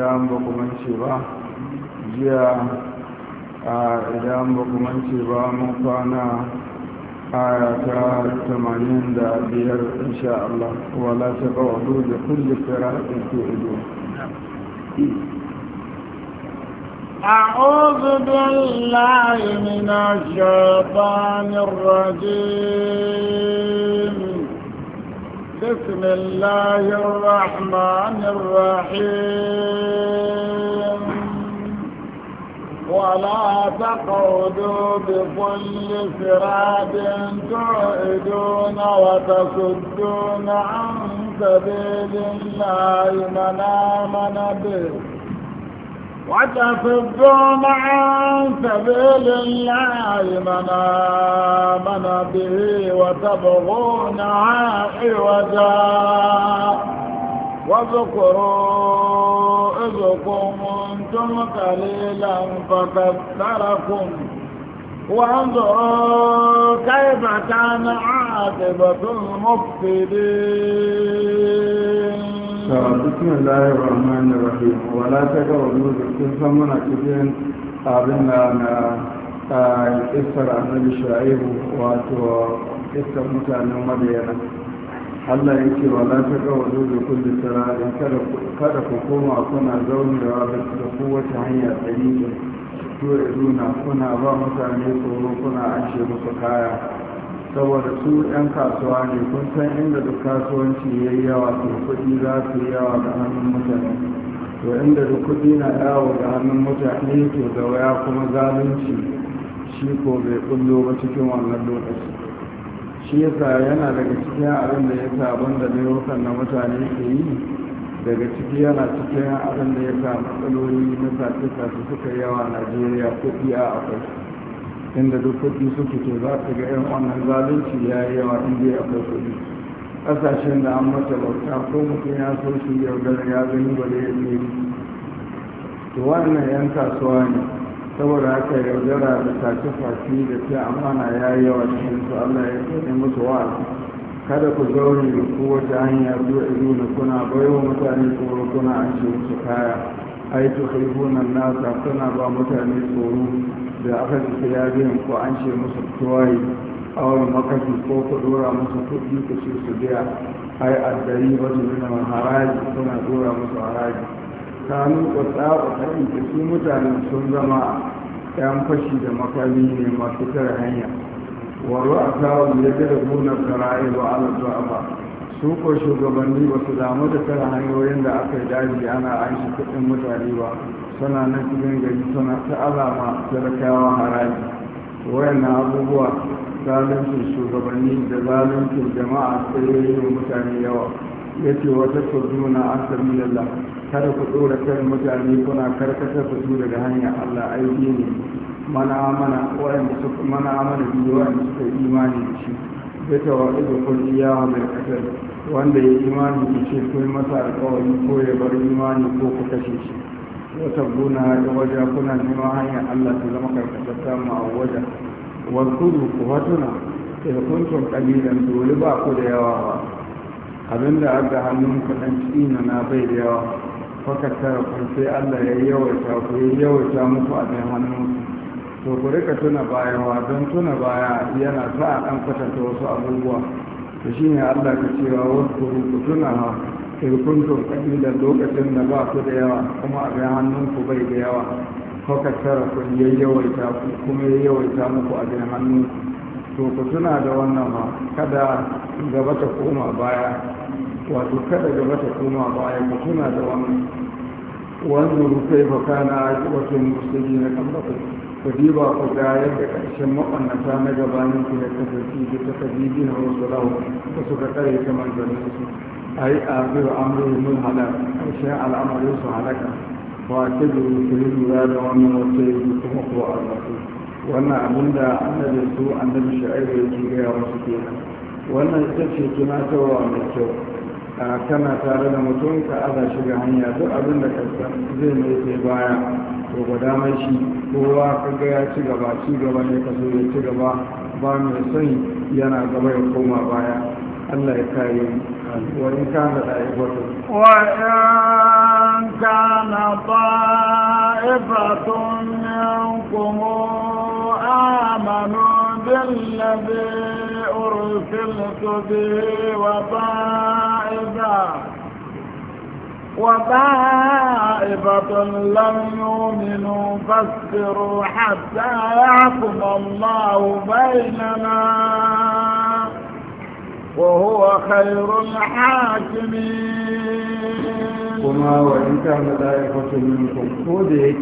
idan ba ku mance ba jiya idan ba ku mance ba mun kwana aya ta 85 insha Allah wala ta qawdu bi kulli qira'atin tu'idun أعوذ بالله من الشيطان الرجيم بسم الله الرحمن الرحيم ولا تقعدوا بكل صراط تعدون وتصدون عن سبيل الله من آمن به وتصدون عن سبيل الله من آمن به وتبغون عوجا واذكروا إذ قوموا كنتم قليلا فكثركم وانظروا كيف كان عاقبة المفسدين بسم الله الرحمن الرحيم ولا تقعدوا ذكر فمن أكدين أبنا أنا آه، إسر النبي شعيب واتو إسر مدينة Allah ya wa lafi kawo da kullum sarari kada ku koma kuna zaunewa da kowace hanya tsari to iruna kuna ba mutane tsoro kuna an musu kaya saboda su 'yan kasuwa ne kun san inda duk kasuwanci ya yi yawa to kuɗi za su yi yawa ga hannun mutane to inda duk kuɗi na yawo ga hannun mutane to da waya kuma zalunci shi ko bai kullo ba cikin wannan lokaci shi yasa yana daga cikin abin da ya sa da laifukan na mutane ke yi daga ciki yana cikin abin da ya sa matsaloli na sace-sace suka yawa a najeriya kuɗi a akwai inda duk kuɗi suke to za su ga yan wannan zalunci ya yi yawa inda akwai kuɗi ƙasashen da an mata bauta ko mutum ya so shi yaudar ya gani ba da ya to wannan yan kasuwa ne saboda haka yaudara da tafi-fafi da ce amana ya yi yawa cikin su allah ya tsaye musu wa kada ku zaune da kowace hanya zuwa izuna kuna baiwa mutane tsoro kuna an ce musu kaya ai to haihunan nasa kuna ba mutane tsoro da aka cika ya biyan ko an ce musu a wani makafi ko ku dora musu kuɗi ku ce su biya ai addari wajen nuna haraji kuna dora musu haraji tsakanin kwatsa a karin su mutane sun zama yan fashi da makami ne masu tara hanya waro a kawo ya da gona sara'i ba zuwa ba su ko shugabanni ba su damu da tara hanyoyin da aka yi daji ana an shi kuɗin mutane ba suna na cikin gari suna ta alama talakawa haraji na abubuwa zaluncin shugabanni da zaluncin jama'a sai mutane yawa ya ce wata kurduna an sami kada ku tsora kan mutane kuna karkatar da su daga hanyar Allah aiki ne mana amana da suka mana amana biyu wa'anda suka yi imani da shi da tawaɗi da kulliya mai kasar wanda ya imani da shi kun masa alƙawari ko ya bar imani ko ku kashe shi wata guna da waje kuna neman hanyar Allah ta zama karkatar samu a waje wasu ku hatuna da kuntun kalilan dole ba ku da yawa ba abinda aka hannun kuɗin cikin na bai da yawa fakatarkun sai Allah ya yawaita ku ya yawaita muku a ɗan hannunku to ku rika tuna bayawa don tuna baya yana sa a ɗan kwatanta wasu abubuwa to shi ne Allah ka cewa wasu ku tuna ha irkuntun da lokacin da ba su da yawa kuma a ɗan hannunku bai da yawa fakatarkun ya yawaita ku kuma ya yawaita muku a ɗan hannunku to ku tuna da wannan ma kada gaba ta koma baya wato kada gaba ta koma baya ku tuna da wannan وانظروا كيف كان المسلمين المفسدين قبلكم فديبا بعض يدك أشم أن كان جبانين في التفسير بتكذيبين ورسله فسكتري كما جنسوا أي آخر من الهلاك أشياء الأمر يوسع لك واعتبروا كريم ذلك ومن وسيلكم أخوة الرسول وانا abin أن annabi أن annabi sha'iru yake gaya wasu kenan wannan ita ce kana tare da mutum ka aza shi ga hanya duk abin da ka zai mai sai baya to guda mai shi kowa ka ga ya ci gaba ci gaba ne ka so ya ci gaba ba mai son yana gaba ya koma baya Allah ya kare wa in kana da ibatu wa in kana ta'ifatun amanu ba. وطائفة لم يؤمنوا فاصبروا حتى يحكم الله بيننا وهو خير الحاكمين كما وإن كان ذلك منكم وفي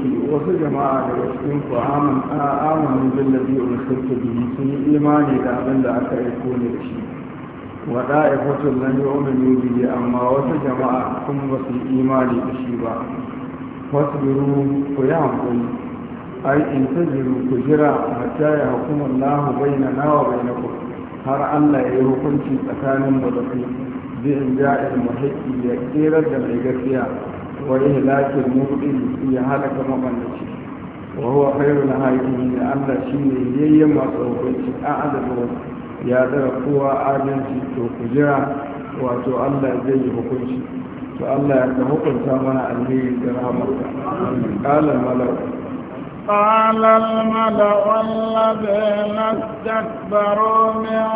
جماعة وسجماعة فآمن آمن بالذي أرسلت به في إيماني لأبن لأكا يكون رشيد wada ifatun nan yi biyu amma wata jama'a kuma ba su yi imani da shi ba wasu biru ku yi hankali ai in ta jiru ku jira a ya hukumar lahu bai na nawa bai na har allah ya yi hukunci tsakanin mu da ku bi in ja'ir muhaƙi ya ƙerar da mai gaskiya wa ihlakin mu'in ya halaka mabannaci wa huwa khairu na haƙi ne allah shine yayyen masu hukunci a adadin wasu ya tsara kowa adalci to ku jira wato allah zai yi hukunci to allah ya hukunta mana alheri da rahamarka ƙalar malar قال الملأ الذين استكبروا من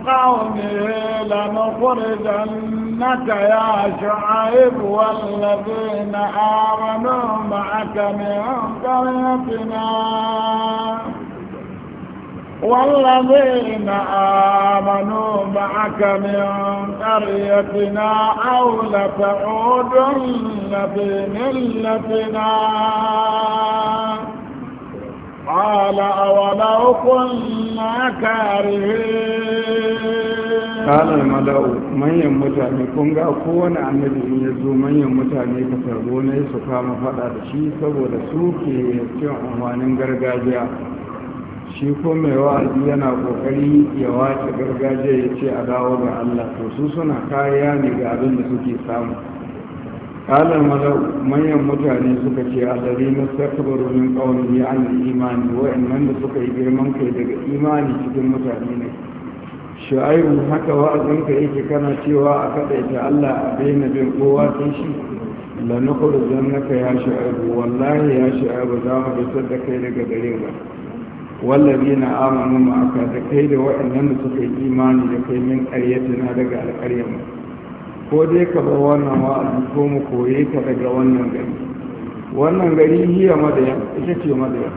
قومه لنخرجنك يا شعيب والذين آمنوا معك من قريتنا والذين آمنوا معك من قريتنا أو لتعودن في ملتنا قال أولو كنا كارهين قال الملأ من يمتعني كن أكون annabi in ya zo manyan mutane ka tarbo ne su kama faɗa da shi saboda su ke cin amfanin gargajiya shi ko mai wa'azi yana kokari ya wace gargajiya ya ce a dawo ga Allah to su suna kariya ne ga abin da suke samu kalar manyan mutane suka ce a dari na sakabaru min kawon ya an imani wa'annan da suka yi girman kai daga imani cikin mutane ne shu'aibu haka wa'azinka yake kana cewa a kaɗaita Allah a daina bin kowa sai shi la zan naka ya shu'aib wallahi ya shu'aib za mu fitar da kai daga gare ba. wallabi na amanu ma'aka da kai da waɗannan suka yi imani da kai min ƙaryatina daga alƙaryar mu ko dai ka bar wannan wa'azi ko mu koye ka daga wannan gari wannan gari hiya madayan ita ce madayan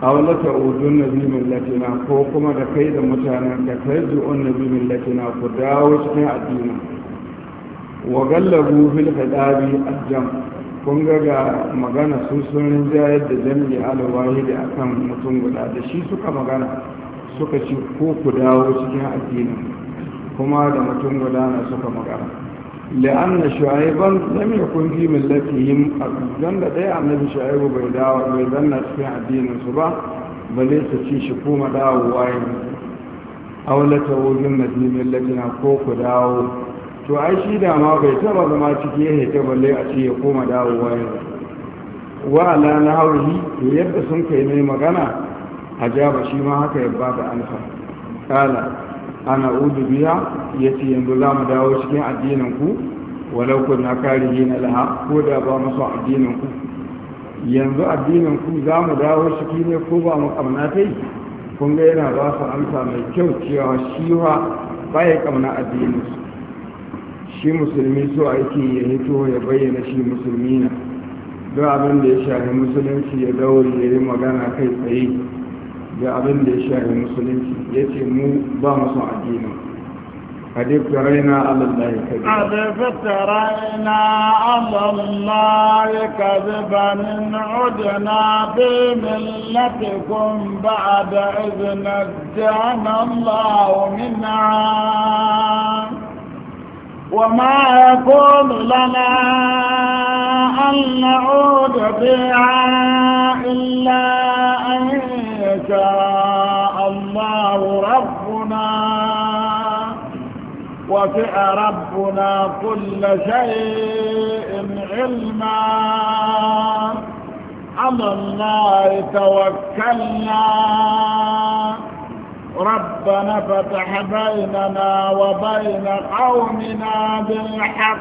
a wala ta udun nabi millatina ko kuma da kai da mutanen da kai zu'un nabi latina ku dawo cikin addini wa gallabu fil hadabi ajjam kun ga ga magana su sun rinjayar da jami'i alawahi da akan mutum guda da shi suka magana suka ci ko ku dawo cikin addinin kuma da mutum guda na suka magana la'anna shu'aiban lam yakun fi millatihim dan da dai annabi shu'aibu bai dawo bai zanna cikin addinin su ba bale su ci shi kuma dawo wayin aulata wujin madinin latina ko ku dawo to ai shi da ma bai taba zama ciki ya ta balle a ce ya koma dawowa yanzu wa ala na hauri to yadda sun kai mai magana ajaba shi ma haka ya ba da alfa kala ana udu biya ya yanzu za mu dawo cikin addinin ku walau na kare na alha ko da ba mu so addinin ku yanzu addinin ku za mu dawo ciki ne ko ba mu kamna ta kun ga yana ba su amsa mai kyau cewa shi wa ba ya kamna addinin su shi musulmi so ake ya hito ya bayyana shi musulmi na don abin da ya shafi musulunci ya daure ya yi magana kai tsaye da abin da ya shafi musulunci ya ce mu ba mu son addinin قد افترينا على الله كذبا قد افترينا على الله كذبا إن عدنا في ملتكم بعد إذ نجانا الله منها وما يكون لنا أن نعود فيها إلا أن شاء الله ربنا وسع ربنا كل شيء علما على الله توكلنا ربنا فتح بيننا وبين قومنا بالحق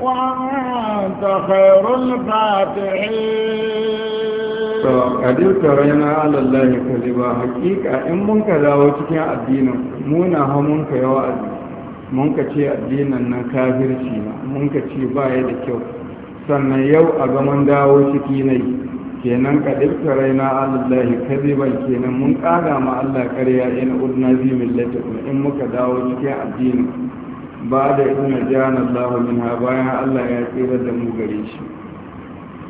وأنت خير الفاتحين قدرت رينا على الله كذبا حقيقة إن منك dawo cikin addinin muna همونك munka yawa munka ce addinin nan kafirci na munka ce baya da kyau sannan yau a gaman dawo ciki na kenan kadirta raina alallahi kadiban kenan mun ƙara ma Allah ƙarya in udna bi millatikum in muka dawo cikin addini ba da ina jana Allah ha bayan Allah ya tsira da mu gare shi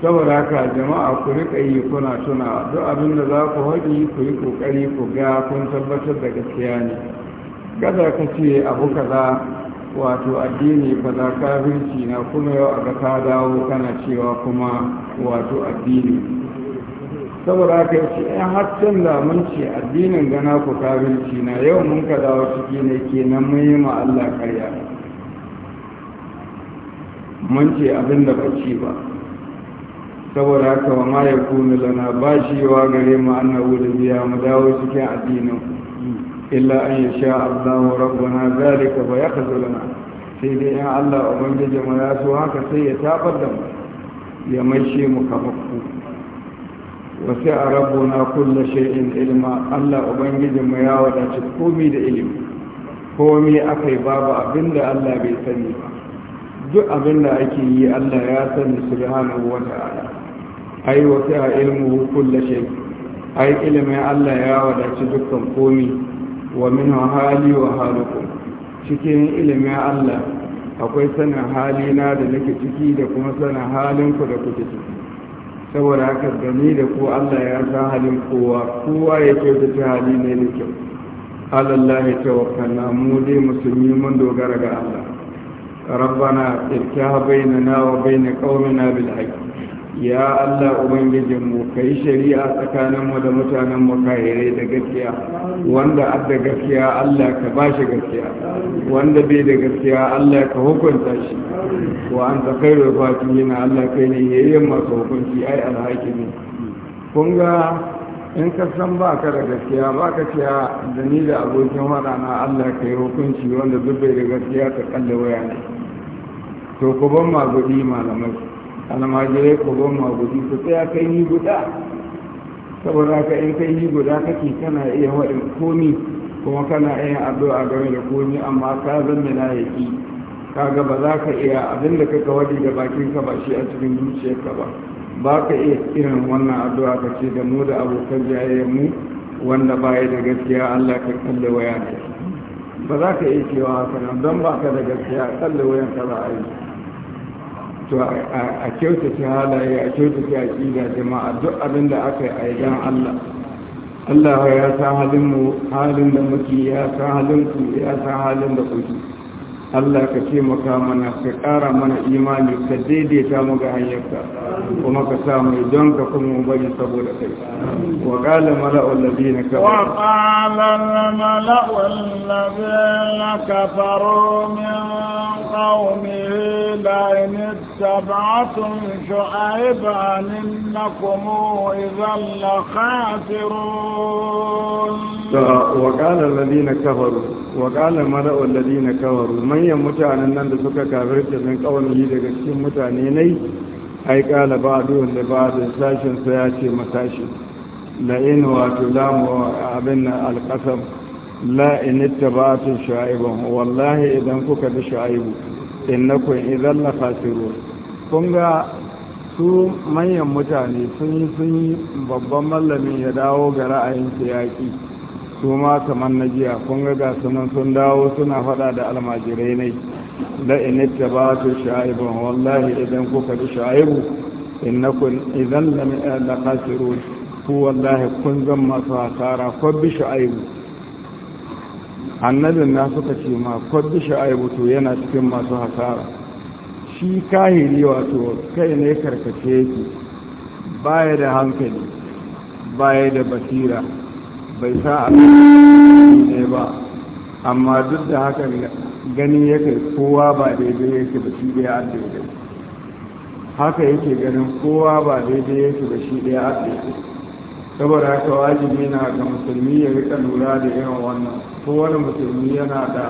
saboda haka jama'a ku rika yi kuna tuna duk abin da za ku haɗi ku yi kokari ku ga kun tabbatar da gaskiya ne kada ka ce abu kaza wato addini ka kafirci na kuma yau aka ga ka dawo kana cewa kuma wato addini saboda haka ya ce in eh, haccen da mun ce addinin gana ku kabilci na yau mun ka dawo ciki ne kenan mun yi ma Allah karya mun ce abin da bace ba saboda haka wa ma ya kunu lana ba shi wa gare mu annabi da biya mu dawo cikin addinin illa an ya sha Allah rabbana zalika fa lana sai dai in Allah ubangiji mu ya so haka sai ya tabar da mu ya maishe mu kamar ku Wasu وسع ربنا كل شيء علما ya أبنجد ما da ilimi, دا aka yi babu abinda Allah bai sani ba, duk abinda ake yi Allah ya sani subhanahu wa ala. ai wasu wata ilmu kulle shay ai ilimin Allah ya wadaci dukkan komi wa min hali wa halukum cikin ilimin Allah akwai sanin halina da nake ciki da kuma sanin halinku da kuke ciki saboda haka gani da ko Allah ya san halin kowa kowa ya kyautata hali ne da kyau Allah ya tawakkalna mu dai musulmi mun dogara ga Allah ربنا افتح بيننا وبين قومنا بالحق ya Allah ubangijinmu ka yi shari'a tsakaninmu da mutanen makahirai da gaskiya wanda adda gaskiya Allah ka ba shi gaskiya wanda bai da gaskiya Allah ka hukunta shi wa an ta kai rufatu yana Allah kai ne yayin masu hukunci ai alhakimi kun ga in ka san ba ka da gaskiya ba ka ce da ni da abokin wada na Allah ka yi hukunci wanda duk bai da gaskiya ka kalle waya ne to ku ban ma gudi malamai almajirai ko goma guji ku tsaya kai ni guda saboda ka in kai ni guda kake kana iya waɗin komi kuma kana iya addu'a game da komi amma ka zama na Ka kaga ba za ka iya abin da kaka wadi da bakin ka ba shi a cikin zuciyarka ba ba ka iya irin wannan addu'a ka ce da mu da abokan jayayyar mu wanda baya da gaskiya Allah ka kalle waya ba za ka iya cewa haka nan don ba ka da gaskiya kalle wayan ka za a yi to a kyautata halaye a kyautata aƙida jama'a duk abin da aka yi a idan Allah Allah ya san halin mu halin da muke ya san halin ku ya san halin da kuke Allah ka taimaka mana ka ƙara mana imani ka daidaita mu ga hanyarka kuma ka sa mu don ka kuma mu bari saboda kai wa qala mala'u alladhina kafaru wa qala mala'u alladhina kafaru min qaumihi la in ittaba'tum shu'aiban innakum idhan la khasirun wa qala alladhina kafaru wa qala mala'u alladhina kafaru manyan mutanen nan da suka kafirce min kawani daga cikin mutane nai ai kala ba duwan da ba da sashin sa ya ce masashi la'in wato mu abin na la in ittabatu sha'iban wallahi idan kuka bi sha'ibu innakum idan la khasirun kun ga su manyan mutane sun yi sun yi babban mallamin ya dawo ga ra'ayin yaƙi su ma kamar na jiya kun ga nan sun dawo suna faɗa da almajirai ne la inita ba su sha'ibun wallahi idan kuka bi sha'ibu innakun idan la khasirun ku wallahi kun zan masu hasara ko bi sha'ibu annabin na suka ce ma ko bi sha'ibu to yana cikin masu hasara shi kahiri wato kai ne karkace yake baya da hankali baya da basira bai sa a ne ba amma duk da haka gani yake kowa ba daidai yake ba shi ɗaya a daidai haka yake ganin kowa ba daidai yake ba shi ɗaya a daidai saboda haka wajibi na ga musulmi ya rika lura da irin wannan kowane musulmi yana da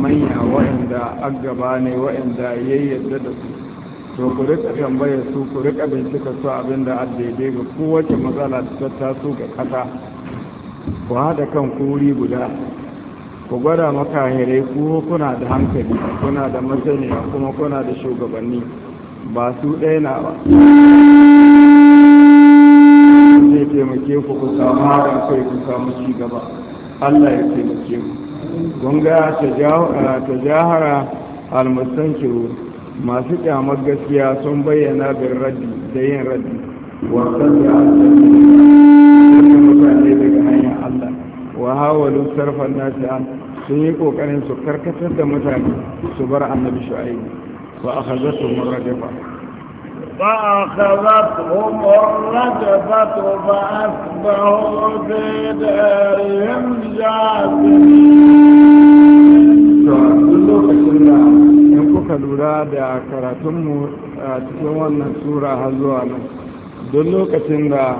manya wa'anda gaba ne wa'anda ya yarda da su to ku rika tambayar su ku rika bincika su abinda a daidai ga kowace matsala ta taso ga kasa ku haɗa kan kuri guda ku gwada makahirai ku kuna da hankali kuna da masaniya kuma kuna da shugabanni ba su ɗaya na ba zai taimake ku ku samu haɗin kai ku samu ci gaba allah ya taimake ku gunga ta jahara almustankiru masu kyamar gaskiya sun bayyana bin raddi da yin raddi wasan da aljanna mutane daga hanyar Allah wa hawalu sarfan nasi an sun yi kokarin su karkatar da mutane su bar annabi shu'aib wa akhazatu murrajafa fa akhazatuhum murrajafatu fa asbahu fi darihim jasimin to duk lokacin da in kuka lura da karatunmu a cikin wannan sura har zuwa nan don lokacin da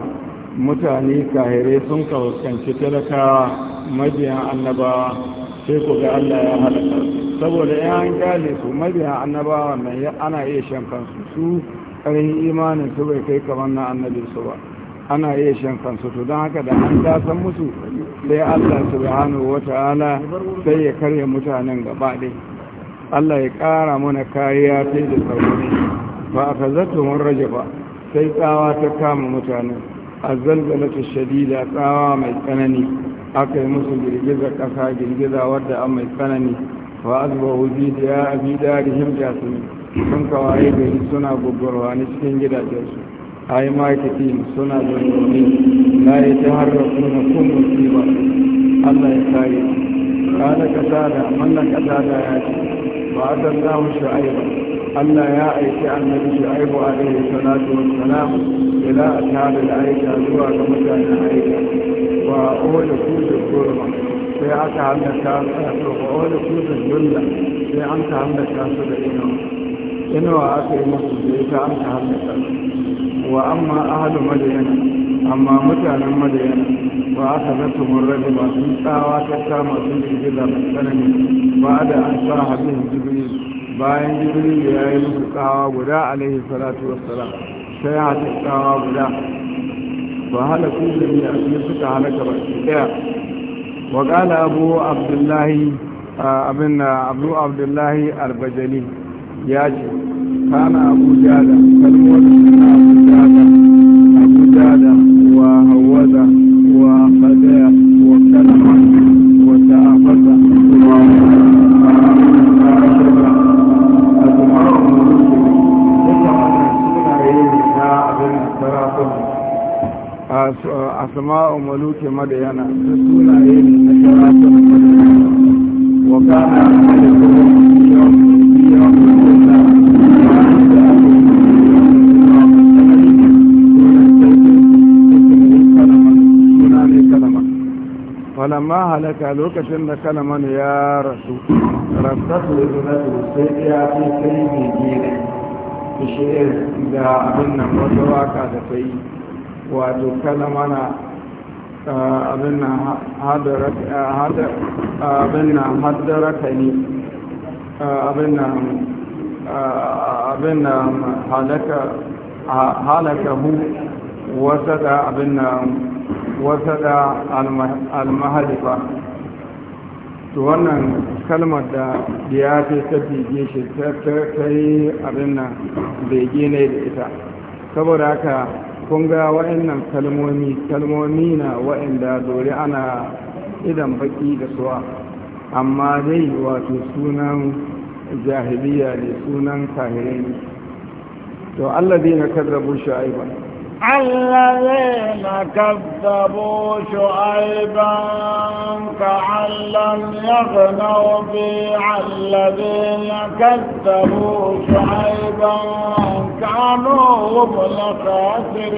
mutane kahirai sun kawaskanci talakawa mabiyan annabawa sai ku ga Allah ya halatta saboda ya an gane su mabiya annabawa mai ana iya shan kansu su karin imanin su bai kai kamar na annabin su ba ana iya shan kansu to don haka da an dasan musu sai Allah subhanahu wata'ala sai ya karya mutanen gaba Allah ya ƙara mana kariya sai da sauri ba a kazzatu mun rage ba sai tsawa ta kama mutane. a ta shadida tsawa mai tsanani aka yi musu girgiza ƙasa girgiza wadda an mai tsanani wa hujji da ya abi darihim jasimi sun kawaye gari suna gugurwa ni cikin gidajensu a yi marketing suna da na yi ta harrafu na kun ba allah ya kare kada da mallan da ya ce ba a zan zamu ba أن يا عيسى الذي شعب عليه الصلاة والسلام إلى أشهاد العيشة سوى كمجان العيشة وأول فوز الظلمة في أتى عن نسان أسرق أول فوز الظلمة في أنت عن نسان سبعينه إنه أتي مصر إذا أنت عن نسان وأما أهل مدينة أما مجان مدينة وأخذتهم الرجل وأخذتهم الرجل وأخذتهم الرجل وأخذتهم الرجل وأخذتهم الرجل وأخذتهم الرجل وأخذتهم الرجل bayan jibrilu ya yi musu tsawa guda alaihi salatu wassalam sai ya ta tsawa guda ba halaku da ne a cikin suka halaka ba su daya wa kala abu abdullahi abin na abu abdullahi albajali ya ce kana abu jada kalmar abu jada asma'u muluki madayana su sunaye ne na sharatun madayana wa kana yawon falamma halaka lokacin da kalaman ya rasu rasatu da zunatu sai ya fi kai gina ta da abin nan wata waka da ta yi wato kada mana abin na ka ne abin na halaka hu wasa da abin na wasa da almahalifa to wannan kalmar da ya fi ta bege shi ta yi abin na, bege ne da ita saboda haka kun ga wa'annan kalmomi kalmomi na wa'anda dore ana idan baki da suwa amma dai wato sunan jahiliya ne sunan kahirai to allah dai na karrabu الذين كذبوا شعيبا كأن لم يغنوا فيه الذين كذبوا شعيبا كانوا هم الخاسرين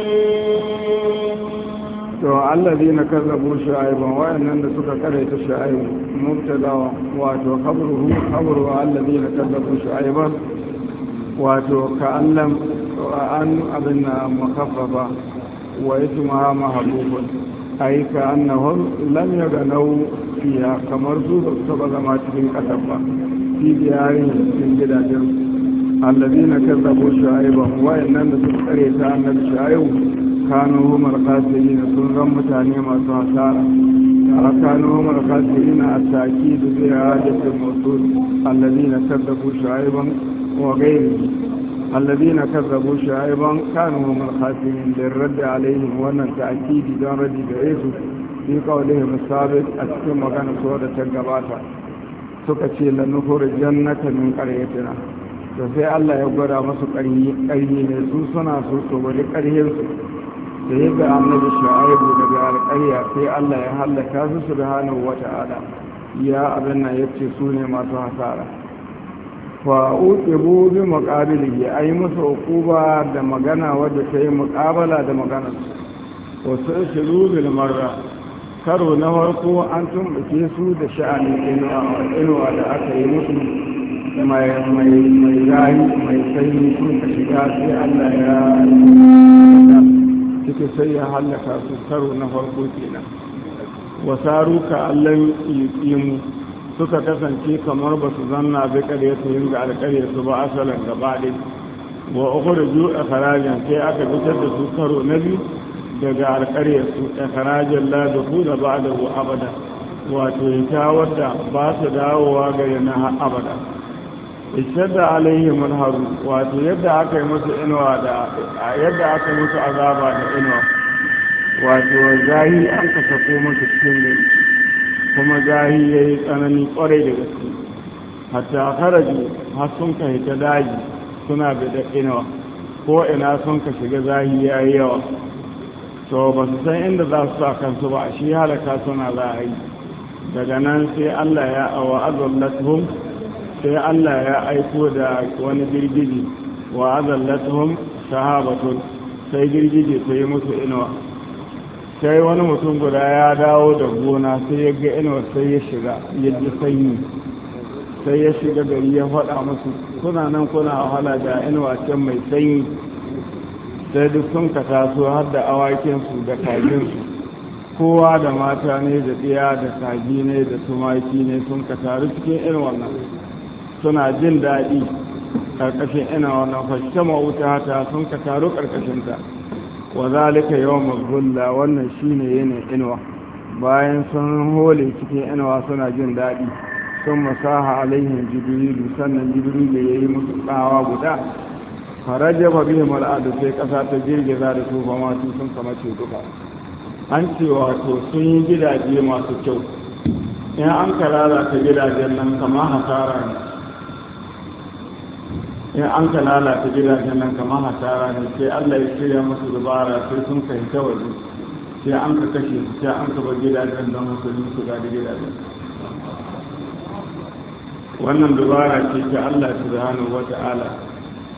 الذين كذبوا شعيبا وإن أنسك كريت شعيب مبتدا وأتوا خبره خبره الذين كذبوا شعيبا وأتوا كأن لم أن أظن مخففة واسمها محبوب أي كأنهم لم يغنوا فيها كمرسول سبق ما تكون كتبا في ديارهم من جدادهم الذين كذبوا شعيبا وإنما تذكرت أن شعيب كانوا هم الخاسرين سنغم متانيما سعسارا كانوا هم الخاسرين التأكيد عادة الموصول الذين كذبوا شعيبا وغيره الذين كذبوا شعيبا كانوا هم الخاسرين للرد عليهم وانا تأكيد دون رد بعيسو في قولهم السابق أتكم وكان سورة القباطة سكتي لنفر الجنة من قريتنا فسي الله يقرى مسو قريين سوسنا سوسو ولقريهم da ya ga annabi shu'aibu daga alƙarya sai Allah ya hallaka su subhanahu wata'ala ya abin nan yace su ne masu hasara fa uqibu bi muqabilihi ay musu uquba da magana wadda ta yi muqabala da magana wasu shiru bil marra karo na farko an ke su da sha'ani inuwa da aka yi musu mai mai mai sanyi sun ka shiga sai allah ya cikin sai ya hallaka su karo na farko kenan wasaru ka allon yi mu suka kasance kamar ba su zanna bi ƙaryatuhin ga su ba asalin gaba ɗai wa ukhruju ikhrajan sai aka fitar da su karo na biyu daga alƙaryarsu ikhrajan la dukhula ba'dahu abada wato ta wadda ba su dawowa gare na abada ishadda alaihim alharu wato yadda aka yi musu inuwa da yadda aka yi musu azaba da inuwa wato zahi an kasafo ko musu cikin gari kuma zahi ya yi tsanani kwarai da gaske hatta haraji har sun ka hita daji suna da inawa ko ina sun ka shiga zahi ya yi yawa to ba su san inda za su sa kansu ba shi halaka suna za a yi daga nan sai allah ya awa azallatuhum sai allah ya aiko da wani girgiji wa azallatuhum sahabatun sai girgije ta yi musu inuwa sai wani mutum guda ya dawo da gona sai ya ga inuwa sai ya shiga ya ji sanyi sai ya shiga gari ya faɗa musu kuna nan kuna wahala da inuwa can mai sanyi sai duk sun ka taso har da awakinsu da kaginsu, kowa da mata ne da ɗiya da kaji ne da tumaki ne sun ka taru cikin irin wannan suna jin daɗi ƙarƙashin ina wannan fashe mawuta ta sun ka taru ƙarƙashinta Wazalika zalika yawmul wannan shine yanayin inuwa bayan sun hole cikin inuwa suna jin daɗi sun masaha alaihin jibrilu sannan jibrilu ya yi musu tsawa guda faraja ba bihi mal'adu sai ƙasa ta girgiza da su ba masu sun kama ce duka an ce wato sun yi gidaje masu kyau in an karara ta gidajen nan kama hasara ne in an ka lalata gidajen nan kamar hasara ne sai allah ya shirya musu dubara sai sun kai ta waje sai an ka kashe su sai an ka bar gidajen don musulmi su gadi gidajen wannan dubara ce ta allah subhanahu wa ta'ala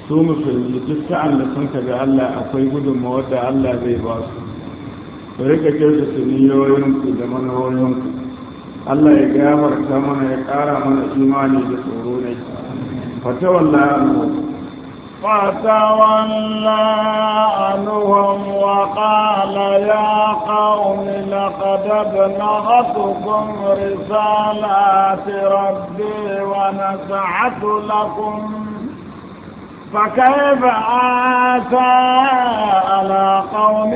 su musulmi duk sa'an da sun kaga Allah akwai gudunmawar da Allah zai ba su ku rika kyauta su niyoyinku da manoyoyinku Allah ya gafarta mana ya ƙara mana imani da tsoro فتولى عنهم فتولى عنهم وقال يا قوم لقد ابلغتكم رسالات ربي ونسعت لكم فكيف آتى على قوم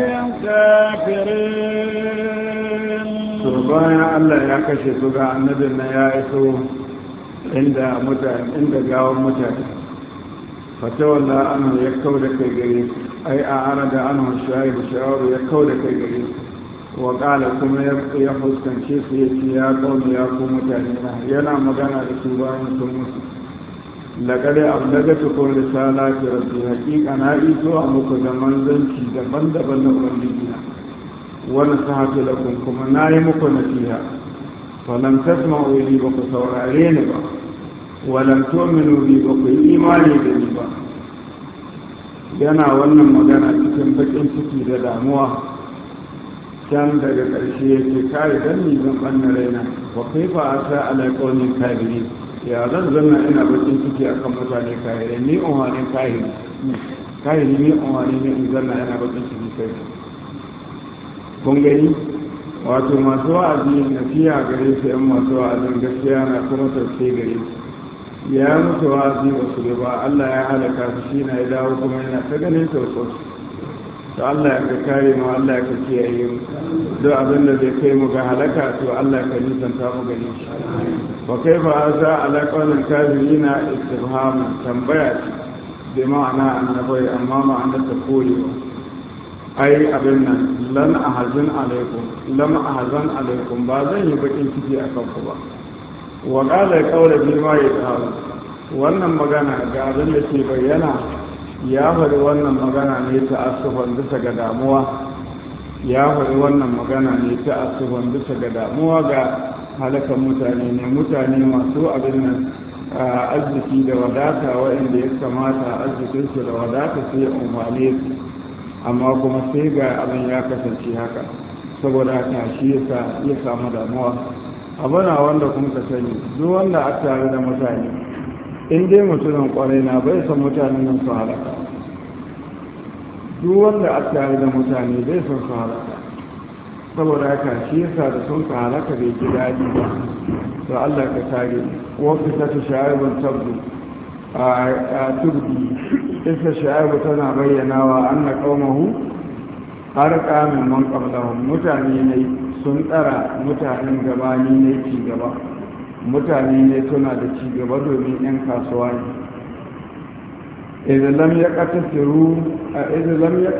كافرين سبحان الله يا كشف النبي ما يا inda mutane inda gawan mutane fatawalla anhu ya kau da kai gare ai a ana da anhu shayi shawaru ya kau da kai gare wa kala kuma ya fuskanci su ya ci ya ko ya ku mutane na yana magana da su bayan sun musu laƙari ablagatu ko risala ta rasu haƙiƙa na iso a muku da manzanci daban-daban na ubangiji na wani sahatu lakum kuma na yi muku nasiha falam tasma'u li ba ku saurare ni ba walam tu'minu bi ba ku imani da ni ba yana wannan magana cikin bakin ciki da damuwa can daga ƙarshe yake kai dan ni zan banna raina wa kaifa asa ala qawmin kafirin ya zan zanna ina bakin ciki akan mutane kahire ni umarnin kahiri ni in zanna ina bakin ciki kai kun gani wato masu wa'azi nasiha gare su yan masu wa'azin gaskiya na kuma sarki gare su ya mutu wa'azi ba su ba allah ya halaka su shi na ya dawo kuma yana ta ganin sauƙon to allah ya kare mu allah ya kiyaye mu duk abin da zai kai mu ga halaka to allah ka nisanta mu gani wa kai a za ala qawlin kafirina istifham tambaya ce bi ma'ana annabai amma ma'anar ta ba. ai abin nan lan ahazan alaikum lam ahazan alaikum ba zan yi bakin ciki a kan ku ba wa qala qawla bi ma yaqulu wannan magana ga abin da ke bayyana ya faɗi wannan magana ne ta asuban bisa ga damuwa ya faɗi wannan magana ne ta asuban bisa ga damuwa ga halakan mutane ne mutane masu abin nan arziki da wadata waɗanda ya kamata arzikinsu da wadata sai umfane su amma kuma sai ga abin ya kasance haka saboda haka shi yasa ya samu damuwa na wanda kuma ka sani duk wanda a tare da mutane in dai mutumin kwarai na bai san mutanen nan su halaka duk wanda a tare da mutane bai san su halaka saboda haka shi yasa da sun ka halaka bai ji daɗi ba to Allah ka kare wa fitatu ban tabbu a turbi isa sha'ibu tana bayyanawa, wa an na kaumahu har kamin man kablahun mutane ne sun tsara mutanen gabani ne ci gaba mutane ne suna da cigaba domin 'yan kasuwa ne idan lam ya a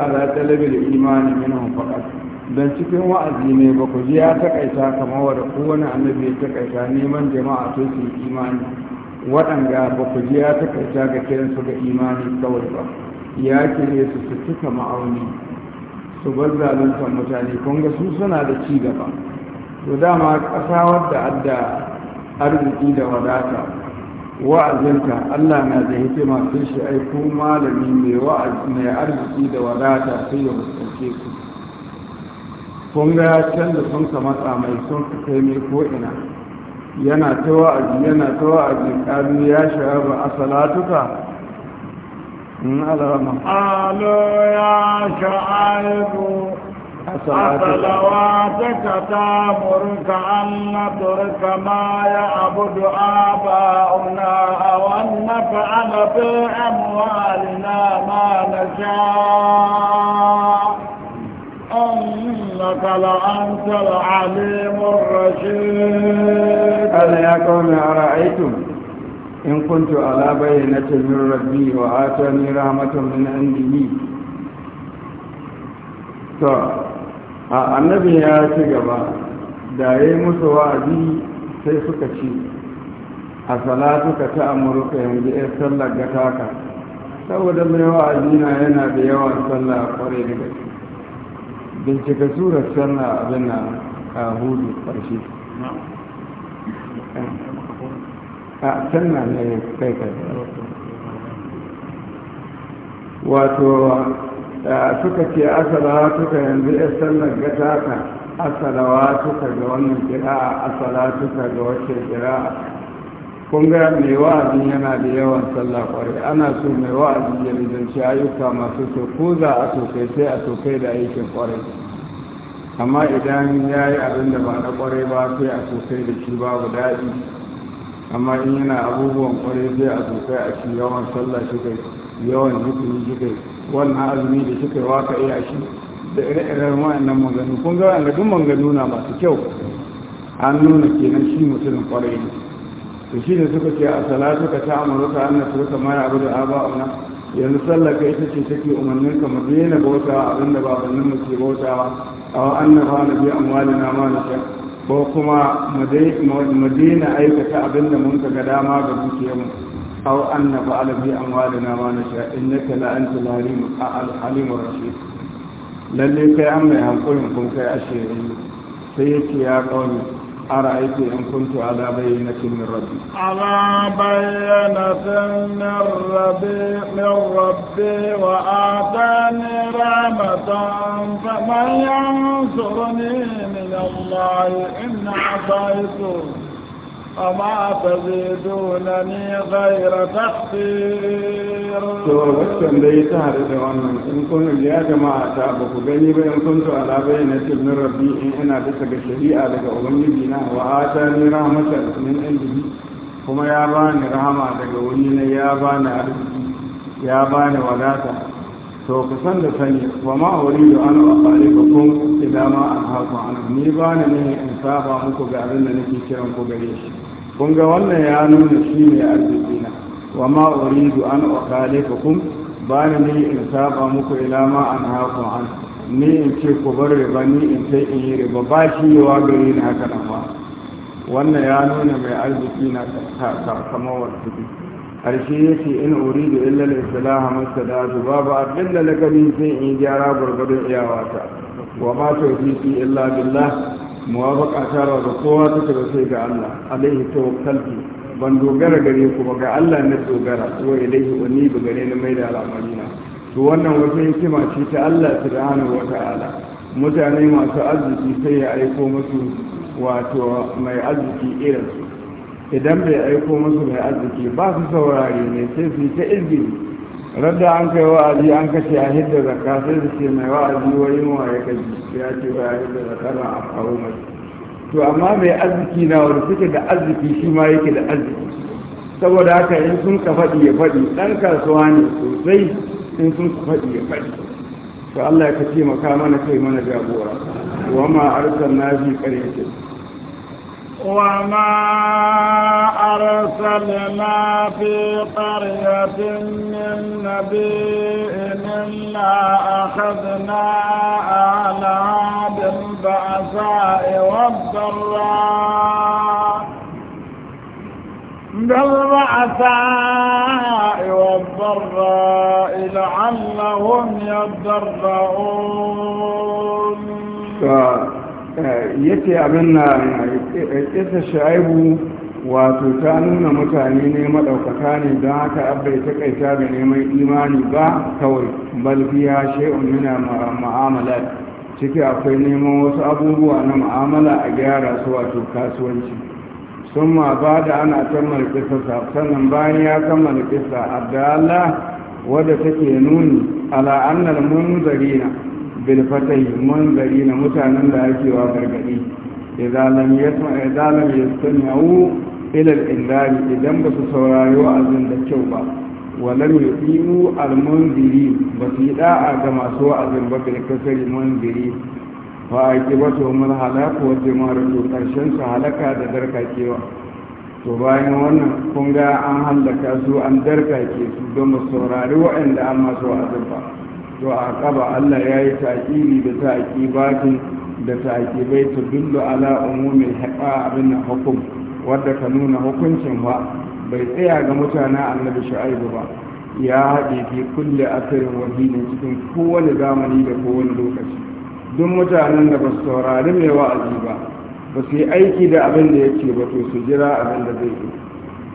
ala talibin imanin minhum faqat don cikin wa'azi ne ba ku ji ya takaita kamar wadda kowane annabi ya takaita neman jama'a to su imani waɗanda ba ku ji ya takarta ga kiransu ga imani kawai ba ya kire su su cika ma'auni su bar zaluntar mutane kun ga su suna da ci gaba to dama ƙasa wadda adda arziki da wadata wa'azinta Allah na da hikima sun shi aiko malami mai wa'azi arziki da wadata sai ya fuskance ku Kunga ga can da sun ka mai sun kai mai ko'ina ina yana ta wa'azi yana ta wa'azi ƙalu ya sha'aba a salatuka in alama ƙalu ya sha'aibu a salawataka ta murka an na turka ma ya abudu aba'una a wannan fa'ala fi amwalina ma na sha'a أنك لأنت العليم الرشيد قال يا قوم أرأيتم إن كنت على بينة من ربي وآتني رحمة من عنده to يا ya ci gaba da ya yi musu wa'azi sai suka ci a salatuka ta amurka yanzu ya sallar gataka saboda mai wa'azi na yana da yawan sallah kwarai da gaske bincika surar sana abin na hudu ƙarshe a sana ne kai kai wato suka ce asalawa suka yanzu ya sannan ga ka asalawa suka ga wannan jira'a asala suka ga wacce jira'a kun ga mai wa'azin yana da yawan sallah kwarai ana so mai wa'azi ya rizanci ayyuka masu so ko za a sokai sai a sokai da aikin kwarai amma idan ya yi abin da ba na kwarai ba sai a sokai da shi babu daɗi amma in yana abubuwan kwarai sai a sokai a shi yawan sallah shi kai yawan zikiri shi kai wannan azumi da shi kai waka iya shi da ire-iren wa'annan maganu kun ga wa'anda duk maganu na masu kyau an nuna kenan shi mutumin kwarai ne to shi ne suka ce a salatu ka ta amurka an na turka mara abu da aba una yanzu sallaka ita ce take umarnin ka mu daina bautawa abin da babannin mu ke bautawa a an na fa na bi ma na shan ko kuma mu daina aikata abin da mun ga dama ga dukiyarmu aw an na fa'ala bi amwalina ma na sha innaka la anta al-halim al-halim ar-rashid lalle kai an mai hankulin kun kai ashirin sai yace ya kauni أرأيت إن كنت على بينة من ربي على بينة من ربي من ربي وآتاني رحمة فمن ينصرني من الله إن عصيته أما تزيدونني غير تخطير تو وكتن ديتها رضوانا إن كنت يا جماعة تابق بني بين كنت على بينة ابن ربي إن أنا بسك الشريعة لك أغمي بنا وآتاني رحمة من عنده كما يا باني رحمة لك ولينا يا باني يا باني ولاتا تو كسند سني وما أريد أن أخالفكم إذا ما أنهاكم عنه ني باني ني مكو بأذن نكي كرمكو بريشي kun ga wannan ya nuna shi ne arziki wa Wama uridu an ukhalifakum ba ni ne in saba muku ilama ma an haku an ni in ce ku bar riba ni in sai in yi riba ba shi yawa gari ni haka nan ba wannan ya nuna mai arziki na kamawar kudi ƙarshe ya ce in uridu illa al-islaha mustadatu babu abin da lakabi sai in gyara gurgurdun iyawata wa ma tawfiqi illa billah muwafaka ta ba ga kowa suka da sai ga Allah alaihi tawakkaltu ban dogara gare ku ba ga Allah na dogara wa ilaihi wani ba gare ni mai da na to wannan wata hikima ce ta Allah subhanahu wa ta'ala mutane masu arziki sai ya aiko musu wato mai arziki irin idan bai aiko musu mai arziki ba su saurare ne sai su yi ta izini radda an kai wa'azi an kashe a hidda zakka sai da ce mai wa'azi wa yin wa ya kaji ya ce ba a hidda zakka ba a kawo mai to amma mai arziki na wani suke da arziki shi ma yake da arziki saboda haka in sun ka faɗi ya faɗi ɗan kasuwa ne sosai in sun ka faɗi ya faɗi to Allah ya kace maka mana kai mana jagora wa ma na fi qaryatin وما أرسلنا في قرية من نبي إلا أخذنا أهلها بالبأساء والضراء بالبأساء والضراء لعلهم يضرعون Yake abin na ƙisa shaibu wato ta nuna mutane ne maɗaukaka ne don haka abai ta taƙaita ga neman imani ba kawai balbiya shai'un mina ma'amala ciki akwai neman wasu abubuwa na ma'amala a gyara su wato kasuwanci sun ma ba da ana kammala kisa sannan bayan ya kammala kisa abdallah wadda take nuni ala annal munzarina bilfatai munzari na mutanen da ake wa gargadi idalam yasma'u ila al-indari idan ba su saurari wa'azin da kyau ba walam yuqimu al-munziri ba su yi da'a ga masu wa'azin ba bil kasari munziri fa aqibatu umul halaq wa jimaratu karshen su halaka da darkakewa to bayan wannan kun ga an hallaka su an darkake su don ba saurari wa'anda an masu wa'azin ba to a kaba Allah ya yi taƙiri da taƙibatin da taƙibai ta dullu ala umumin haƙa abin na hukum wadda ka nuna hukuncin ba bai tsaya ga mutanen annabi shu'aibu ba ya haɗe fi kulle asirin wahilin cikin kowane zamani da kowane lokaci duk mutanen da ba su saurari mai wa'azi ba ba su yi aiki da abin da ya ba to su jira abin da zai yi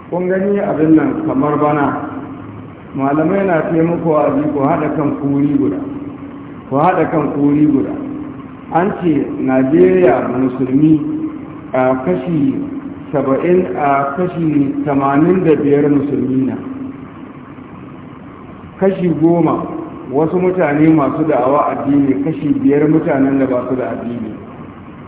kun gani abin nan kamar bana malamai na taimako a ku haɗa kan kuri guda ku haɗa kan kuri guda an ce najeriya musulmi a kashi saba'in a kashi tamanin da biyar musulmi na kashi goma wasu mutane masu da'awa addini kashi biyar mutanen da ba su da addini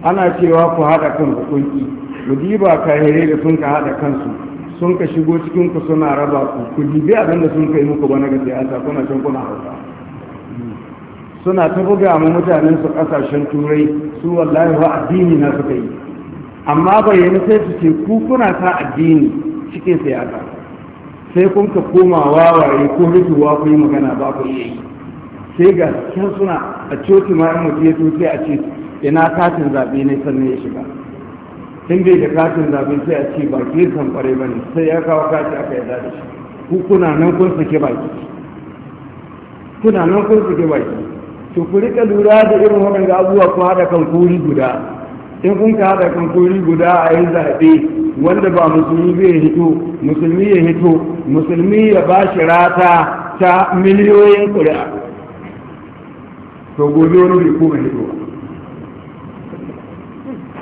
ana cewa ku haɗa kan hukunki ku diba kahirai da sun ka haɗa kansu sun ka shigo cikin ku suna raba ku ku dibi abin da sun kai muku bana ga siyasa kuna can kuna hausa suna ta buga mu mutanen su kasashen turai su wallahi wa addini na suka yi amma bayyana sai su ce ku kuna ta addini cikin siyasa sai kun ka koma wawaye ko rikuwa ku yi magana ba ku yi sai ga can suna a coci ma ya a ce ina katin zaɓe ne sannan ya shiga in bai da katin zaɓe sai a ce baki kan kware ba ne sai ya kawo kati aka yarda da shi ku kuna nan kun sake baki kuna nan kun sake baki to ku rika lura da irin waɗanda abubuwa ku haɗa kan kuri guda in kun ka haɗa kan kuri guda a yi zaɓe wanda ba musulmi bai hito musulmi ya hito musulmi ya ba shi rata ta miliyoyin ƙuri'a to gobe wani bai koma hitowa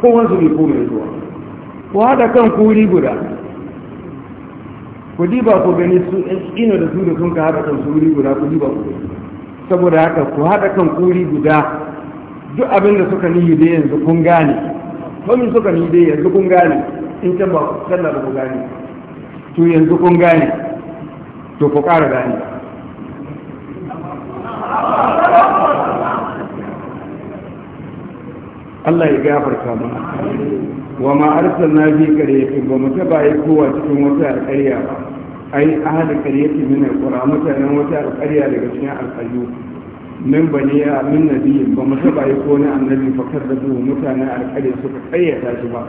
kowa su riko mai zuwa ku haɗa kan kuri guda ku diba ku gani su ino da su da sun ka haɗa kan kuri guda ku diba ku saboda haka ku haɗa kan kuri guda duk abin da suka nihi da yanzu kun gane wani suka nihi dai yanzu kun gane in can ba sallar ku gane to yanzu kun gane to ku ƙara gane Allah ya gafarta mana wa ma na fi qaryatin ba mu taba yi kowa cikin wata alƙarya ba ai ahli qaryatin min alqura mutanen wata alƙarya daga cikin alƙaryu min bani ya min nabi ba mu taba yi ko na annabi fa kaddabu mutanen alƙarya suka kayyata shi ba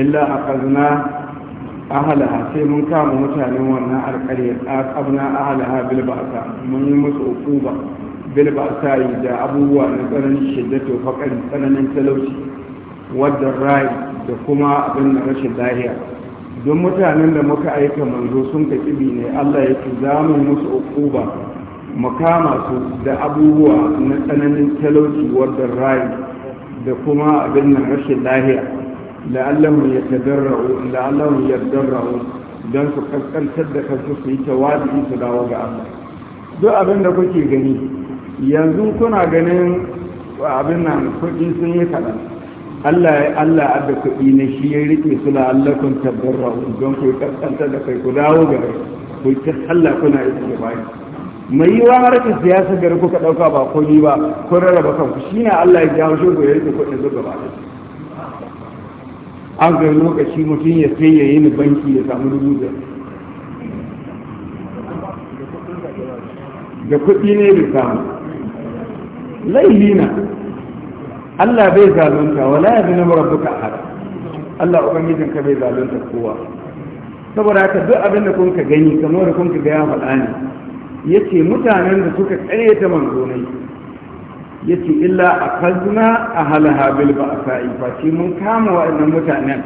illa aqazna ahalaha sai mun kama mutanen wannan alƙarya aqabna ahalaha bil ba'sa mun yi musu uquba bilba'asai da abubuwa na tsananin shiddatu faƙari tsananin talauci wadda rai da kuma abin na rashin lahiya don mutanen da muka aika manzo sun ka ƙibi ne allah ya ce za mu musu ukuba makama su da abubuwa na tsananin talauci wadda rai da kuma abin na rashin lahiya la'allahu ya tadarra'u la'allahu ya tadarra'u don su kaskantar da kansu su yi tawadi su dawo ga allah duk abin da kuke gani yanzu kuna ganin abin nan kuɗi sun yi kaɗan Allah ya Allah adda kuɗi na shi ya rike su la'allakun tabarra don ku kaskanta da kai ku dawo ga ku ta Allah kuna yi ke bayi mai yi wa harkar siyasa gari ka ɗauka ba ko ni ba ko rarraba kanku shi ne Allah ya jawo shi ku ya rike kuɗin su gaba an ga lokaci mutum ya sai ya yi ni banki ya samu dubu da da kuɗi ne bai samu na, Allah bai zalunta wala ya zina rabbuka ahad Allah ubangijin ka bai zalunta kowa saboda haka duk abin da kun ka gani kamar da kun ka ga ya faɗa ne yace mutanen da suka karyata manzonai yace illa akazna ahalaha bil ba'sa'i fa shi mun kama wa'annan mutanen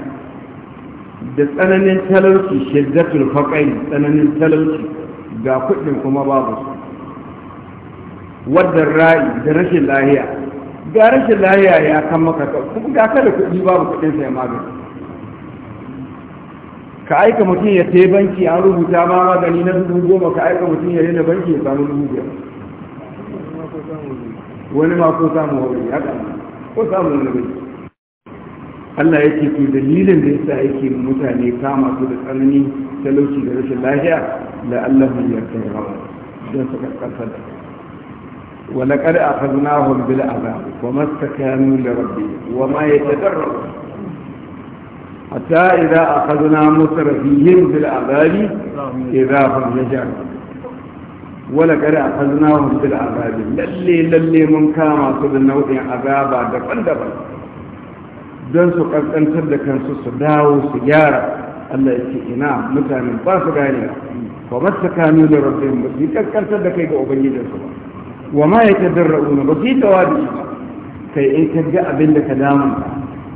da tsananin talauci shiddatul faqai tsananin talauci ga kuɗin kuma babu su wadda ra'i da rashin lahiya ga rashin lahiya ya kan maka kuma ga kada kuɗi babu kuɗin sai magani ka aika mutum ya sai banki an rubuta ma magani na dubu goma ka aika mutum ya rena banki ya samu dubu biyar wani ma ko samu wani ya ko samu wani banki Allah ya ce to dalilin da yasa yake mutane kama su da tsanani talauci da rashin lahiya la'allahu Allah ya don su karkar da ولقد أخذناهم بالعذاب وما استكانوا لربهم وما يتدرب حتى إذا أخذنا مترفيهم بالعذاب إذا هم يجعلون ولقد أخذناهم بالعذاب للي للي من كاما بالنوع عذابا دفن دفن don su kaskantar da kansu su dawo su gyara Allah ya ce ina استكانوا لربهم su gane ba masu kanu wa ma ya tadarra'una ba fi tawabi kai in ka ga abin da ka damu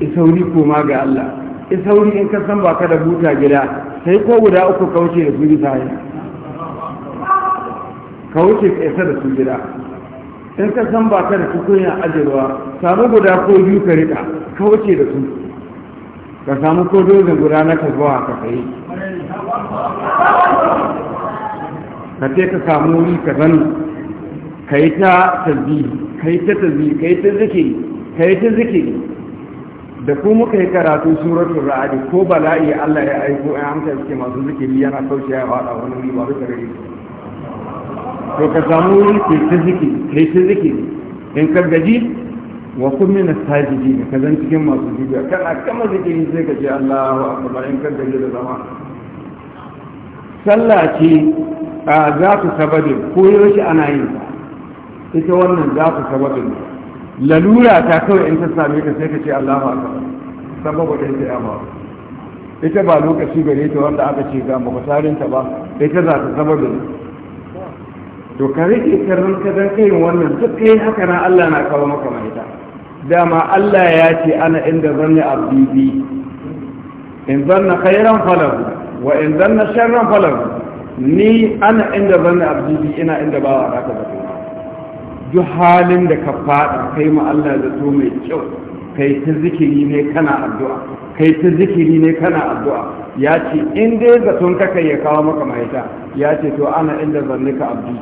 isauri koma ga Allah isauri in ka san baka da huta gida sai ko guda uku kauce da su bisa ka wuce ka isa da su gida in ka san baka da su kunya ajirwa samu guda ko biyu ka rika ka wuce da su ka samu ko dozin guda na ka zuwa ka sayi ka ce ka samu wuri ka zanu kai ta tasbihi kai ta tasbihi kai ta zikiri kai ta zikiri da ku muka yi karatu suratul ra'd ko bala'i Allah ya aiko ai an kai masu zikiri yana kauce ya fada wani wuri ba bisa gare to ka samu wuri kai ta zikiri kai ta zikiri in ka gaji wa kun min sajidi ka zan cikin masu zikiri kana kama zikiri sai ka ce Allahu akbar in ka gaji da zama sallah ce a za ku sabadin koyo shi ana yin ta ita wannan za ku sababin lalura ta kawai in ta same ka sai ka ce Allahu akbar sababu ɗin ta yama ita ba lokaci gare ta wanda aka ce ga mafasarin ta ba ita za ta saba sababin to ka rike karin ka dan kai wannan duk kai haka na Allah na kawo maka mai ta dama Allah ya ce ana inda zanni abdi bi in zanna khairan falahu wa in zanna sharran falahu ni ana inda zanni abdi bi ina inda ba wa ka zato duk halin da ka faɗa kai ma Allah zato mai kyau kai ta zikiri ne kana addu'a kai ta zikiri ne kana addu'a ya ce in dai zaton ka kai ya kawo maka mahita ya ce to ana inda zan nika abdi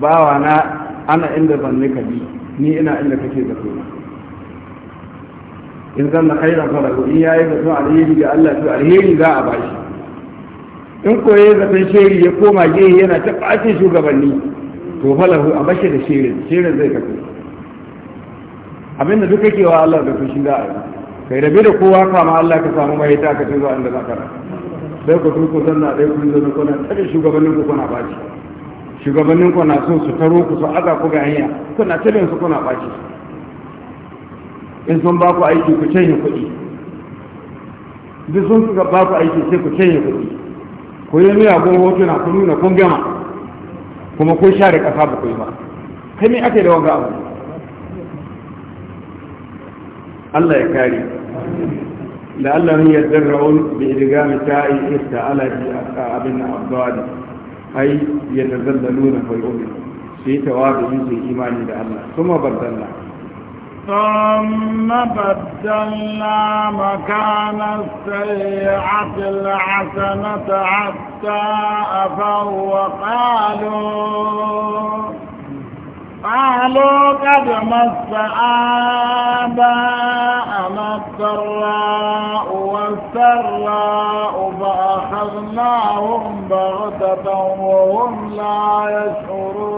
bawa na ana inda zan nika bi ni ina inda kake zato in zan na zanna khairan falahu in yayi zaton alheri ga Allah to alheri za a bashi in koye zaton sheri ya koma gehe yana ta ɓacin shugabanni to falahu a bashi da shirin shirin zai kafe abinda duk kake Allah da kushin da ayi kai rabe da kowa kama Allah ka samu mai ta ka tuzo inda za ka ra sai ku tuko sanna dai kun zo ku tsare shugabannin ku kuna baci shugabannin ku na so su taro ku su aza ku ga hanya kuna tilin su kuna baci in sun ba ku aiki ku canye kuɗi duk sun suka ba ku aiki sai ku canye kuɗi ku yi miyagun hotuna ku nuna kun gama kuma ko share ƙasa ba ku yi ba kai me ake da wanga abu Allah ya kare da Allah ne ya zarraun bi idgami ta'i a bi abin abdadi ai ya tazallaluna fa yu'min sai tawabi su imani da Allah kuma bardalla ثم بدلنا مكان السيئة الحسنة حتى أفوا وقالوا قالوا قد مس آباءنا الضراء والسراء فأخذناهم بغتة وهم لا يشعرون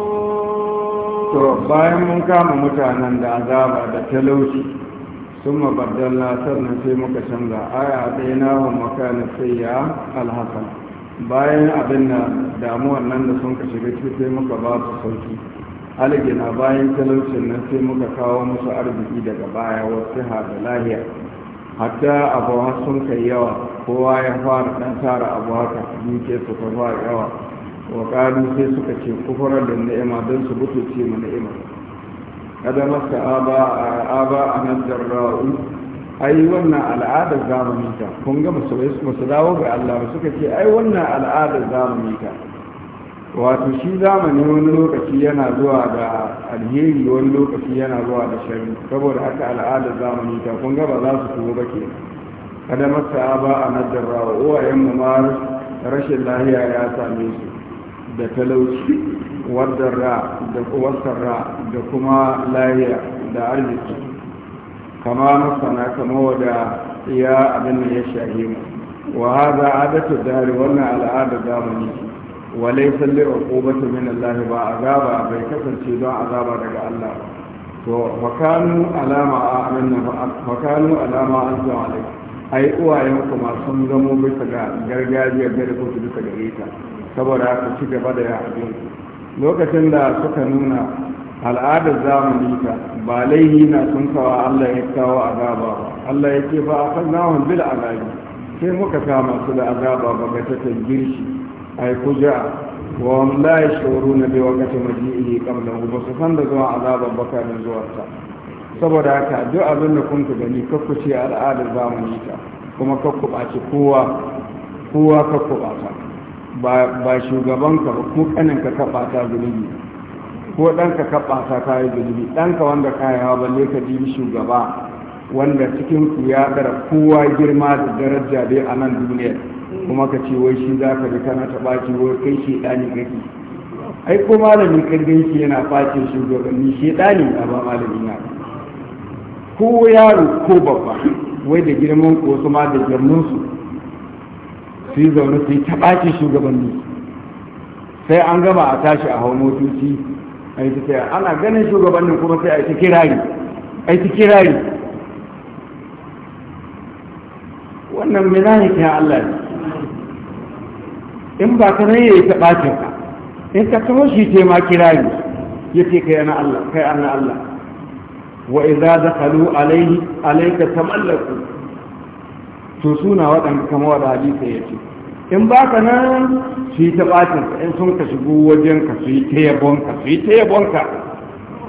to bayan mun kama mutanen da azaba da talauci sun mabaddal lasar na sai muka canza aya tsaye na wa makanin sai ya alhassan bayan abin na damuwan nan da sun ka shiga ciki sai muka ba su sauki algina bayan talaucin nan sai muka kawo musu arziki daga baya wasu da lahiya hatta abuwa sun kai yawa kowa ya fara ɗan tara abu haka ke su yawa wa ƙalu sai suka ce kufurar da ni'ima don su butuce mu ni'ima kada masa aba a nan jarra'u ai wannan al'adar zamani ta kun ga masu dawo ga Allah ba suka ce ai wannan al'adar zamani ta wato shi zamani wani lokaci yana zuwa da alheri wani lokaci yana zuwa da shari saboda haka al'adar zamani ta kun ga ba za su tuwo ba ke kada masa aba a nan jarra'u uwayen mu ma rashin lahiya ya same su da talauci wadarra da wasarra da kuma lahiya da arziki kama masana kama wada ya abin da ya shahi mu wa haza adatu dari wannan al'ada zamani wa laysa li uqubati min Allah ba azaba bai kasance don azaba daga Allah to makanu alama a amanna makanu alama an zama alai ai uwayen kuma sun zamo bisa ga gargajiya da kuke bisa gare ta saboda haka ci gaba da ya lokacin da suka nuna al'adar zamani ta ba laihi na sun Allah ya kawo azaba ba Allah ya ce ba a kan bil azabi sai muka kama su da azaba ba ga tattalin girshi ai kuja wa na bai yashuruna bi waqti maji'ihi qabla ba su san da zuwa azaba baka da zuwarta saboda haka duk abin da kun ku gani kakku ce al'adar zamani ta kuma kakku ɓaci kowa kowa kakku ɓata ba shugabanka ba ko kanin ka ta zunubi ko ɗanka ka ta kayi zunubi ɗanka wanda kayawa balle ka ji shugaba wanda cikin ku ya ɗara kowa girma da daraja dai a nan duniya kuma ka ce wai shi za ka bi kana ta ɓaci wai kai shi ɗani kake ai ko malami ƙirgin shi yana ɓacin shugabanni shi ɗani a ba malami na ko yaro ko babba wai da girman ko su ma da girmansu su yi zaune su yi ta shugabanni sai an gama a tashi a hau motoci a yi ta ana ganin shugabannin kuma sai a yi ta kirari a yi ta kirari wannan mina yake Allah ne in ba ka nan ya yi ta ɓacin ka in ka kawo shi ce ma kirari ya ce kai ana Allah kai na Allah wa idza dakhalu alayhi alayka tamallaku to suna waɗanda kama wa hadisa ya ce in ba ka nan su yi ta ɓacin ka in sun ka shigo wajen ka su yi ta yabon ka su yi ta yabon ka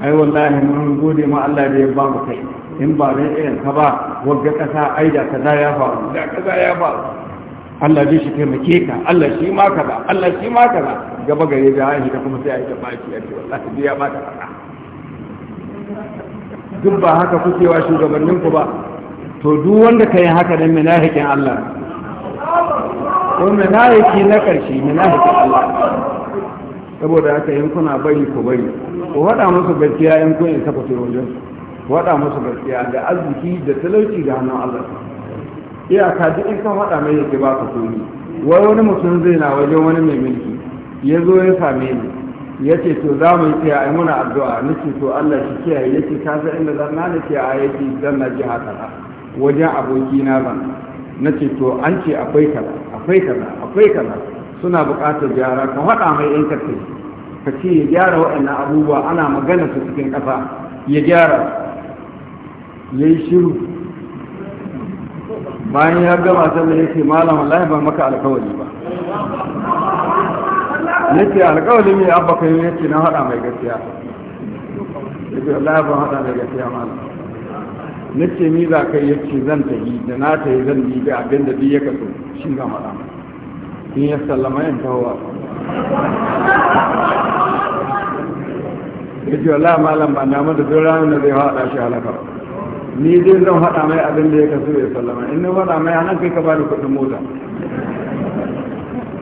ai wallahi mun gode ma Allah da ya ba mu kai in ba zai irin ka ba wagga kasa ai da kaza ya faru da kaza ya faru Allah zai shi taimake ka Allah shi ma ka ba Allah shi ma ka ba gaba gare da ai da kuma sai ai ta baki a ce wallahi ya ba ta duk ba haka kuke wa ba to duk wanda ka yi haka don minahikin Allah ko minahiki na ƙarshe minahikin Allah saboda haka yin kuna bari ku bari ku waɗa musu gaskiya yin kuna isa ku sai wajen waɗa musu gaskiya da arziki da talauci da hannun Allah iyaka duk in kan waɗa mai yake ba ka komi wai wani mutum zai na wajen wani mai mulki ya zo ya same ni ya ce to za mu yi tsaya a muna addu'a ce to Allah shi kiyaye yake ka san inda zan na nake a yake zan na ji haka wajen abokina ban na ce to an ce akwai kaza akwai kaza akwai kaza suna buƙatar gyara ka faɗa mai yan karfe ka ce ya gyara waɗannan abubuwa ana magana su cikin ƙasa ya gyara ya yi shiru bayan ya gama sannan ya ce malam wallahi ban maka alkawari ba ya ce alkawari mai abba kai ya ce na haɗa mai gaskiya ya ce wallahi ban haɗa mai gaskiya malam nake ni za kai yace zan ta yi da na ta yi zan yi ga abin da duk ya kaso shi ga mara in ya sallama yin tawa ya ce wala malam ba na mata duk ranar da zai haɗa shi halaka ni dai zan haɗa mai abin da ya kaso ya sallama in na haɗa mai hannun kai ka ba da kuɗin mota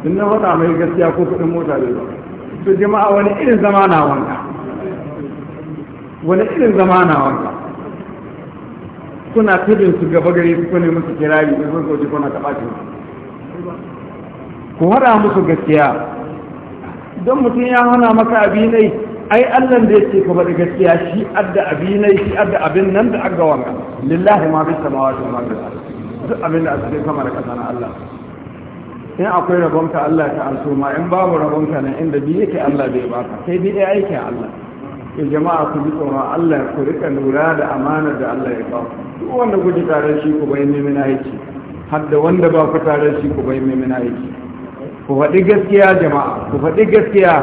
in na haɗa mai gaskiya ko kuɗin mota bai ba to jama'a wani irin zama na wanka wani irin zama na wanka kuna tudin su gaba gare su kone musu kirari in sun sauci kuna taɓa su ku hada musu gaskiya don mutum ya hana maka abinai ai allan da ya ce ka faɗi gaskiya shi adda abinai shi adda abin nan da aga wanka lillahi ma bi samawa da ma bi duk abin da a cikin sama da ƙasa na allah in akwai rabonka allah ta an ma in babu rabonka nan inda bi yake allah bai baka sai bi ya aikin allah ke jama'a ku bi tsoron allah ku rika lura da amana da allah ya ba ku duk wanda kuke tare shi ku bai mimin aiki har da wanda ba ku tare shi ku bai mimin aiki ku faɗi gaskiya jama'a ku faɗi gaskiya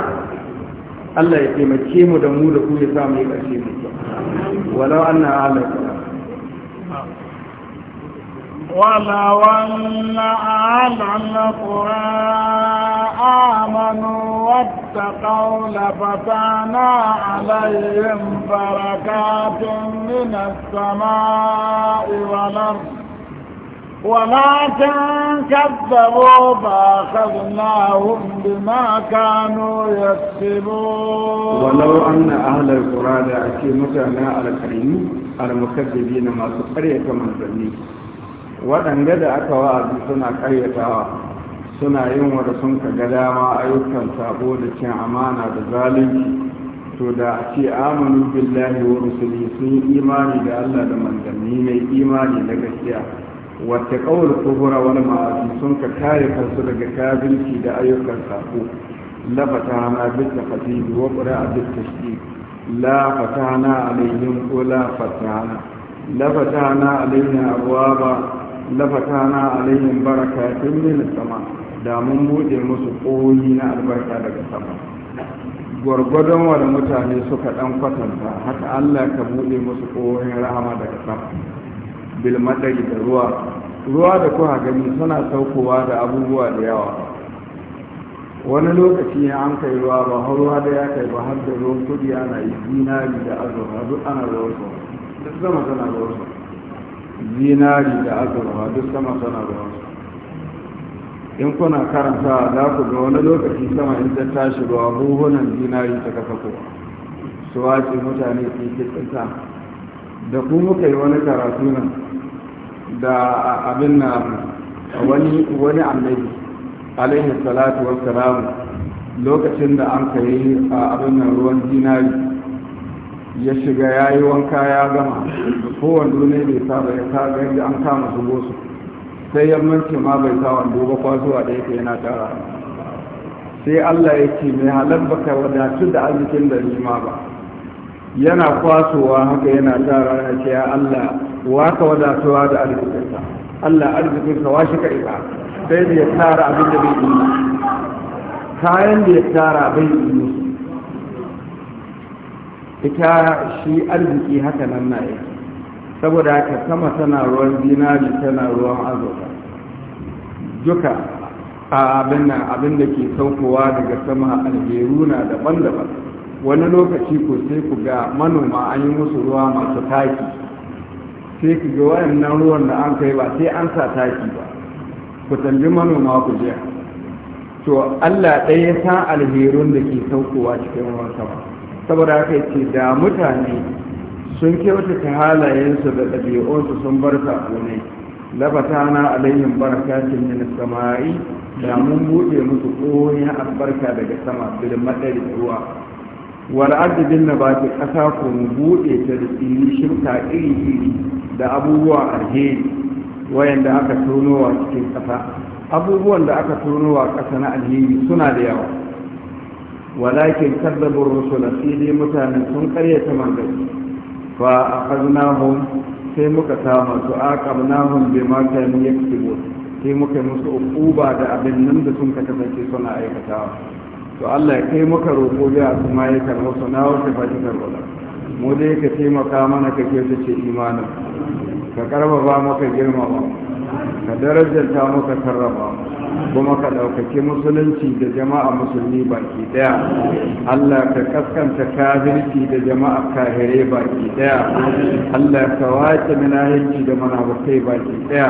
Allah ya taimake mu da mu da ku ya samu ya ƙarshe mu walau anna ahlaka ولو أن أهل القرى آمنوا واتقوا لفتحنا عليهم بركات من السماء والأرض ولكن كذبوا فأخذناهم بما كانوا يكسبون ولو أن أهل القرى لأكيمتنا على الكريم على المكذبين ما سقرية من waɗanda da aka wa'azi suna ƙaryatawa suna yin wada sun ka ga dama ayyukan sabo da cin amana da zalunci to da a ce amanu billahi wa rusuli sun yi imani da Allah da manzanni mai imani na gaskiya wata kawar kubura wani ma'azi sun ka kare kansu daga kafirci da ayyukan sabo la fatahana bil tafsir wa qira'a bil tashdid la fatahana alaihim wa la fatahana la fatahana alaihim abwaba lafatana alaihim barakatun min sama da mun buɗe musu koyi na albarka daga sama gwargwadon wa da mutane suka ɗan kwatanta haka Allah ka buɗe musu koyin rahama daga sama bil maɗari da ruwa ruwa da kuka gani suna saukowa da abubuwa da yawa wani lokaci an kai ruwa ba har ruwa da ya kai ba har da ruwan kudi ana yi zinari da azurfa duk ana ruwan su duk zama tana ruwan su zinari da azurwa duk sama sana wasu. in kuna karanta za ku ga wani lokaci sama in ta tashi ruwa buhunan zinari ta kafa kowa su wace mutane ke kitsinta da ku muka yi wani karatu nan da abin na wani wani annabi alaihi salatu wassalamu lokacin da an kai abin nan ruwan zinari ya shiga ya yi wanka ya gama kowane ne bai saba ya sa yadda an kama su gosu sai ya mulki ma bai sa wando ba kwazuwa da yake yana tara sai allah ya ce mai halar baka wadatu da arzikin da nima ba yana kwasowa haka yana tara ya ce ya allah waka wadatuwa da arzikinsa allah arzikinsa wa shi ka ika sai da ya tara abin da bai yi kayan da ya tara bai yi ita shi arziki haka nan na yake saboda haka sama tana ruwan zinari tana ruwan azurfa duka a abin da ke saukowa daga sama alheru na daban-daban wani lokaci ko sai ku ga manoma an yi musu ruwa masu taki sai ku ga wayannan ruwan da an kai ba sai an sa taki ba ku tambi manoma ku je to allah ɗaya san alherun da ke saukowa cikin ruwan sama saboda haka ce da mutane sun kyautata halayensu da ɗabi'unsu sun bar na alayhin alayhim cin min sama'i da mun buɗe musu ƙoyin albarka daga sama bil madari ruwa wal ba ta ƙasa ko buɗe ta da tsiri shirka iri iri da abubuwa alheri wayanda aka tonowa cikin ƙasa abubuwan da aka tonowa ƙasa na alheri suna da yawa walakin kadzabu rusula sai dai mutanen sun karyata manzanni fa akhadnahum sai muka kama su aqabnahum bima kanu yaktubun sai muka musu uquba da abin nan da sun kasance suna aikatawa to Allah ya kai muka roƙo ya su ma ya karɓo su na wata fatikar wala mu dai ka taimaka mana ka kyautace imanin ka karfafa maka girmama ka darajanta maka karrama kuma ka ɗaukaki musulunci da jama'a musulmi baki ɗaya allah ka kaskanta kafirci da jama'a kahire baki ɗaya allah ka wace minahinci da manabukai baki ɗaya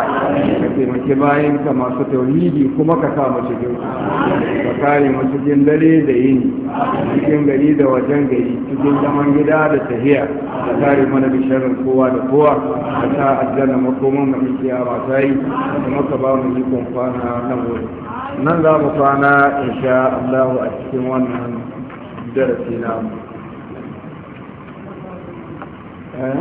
ka taimaki bayanka masu tauhidi kuma ka sa mu cikin ka kare mu cikin dare da yini cikin gari da wajen gari cikin zaman gida da tahiya ka kare mana bisharar kowa da kowa ka sa aljanna makoman mu ne kiyama ta yi kuma ka ba mu yi kwana nan wuri nan za mu kwana in sha Allah a cikin wannan darasi mu eh?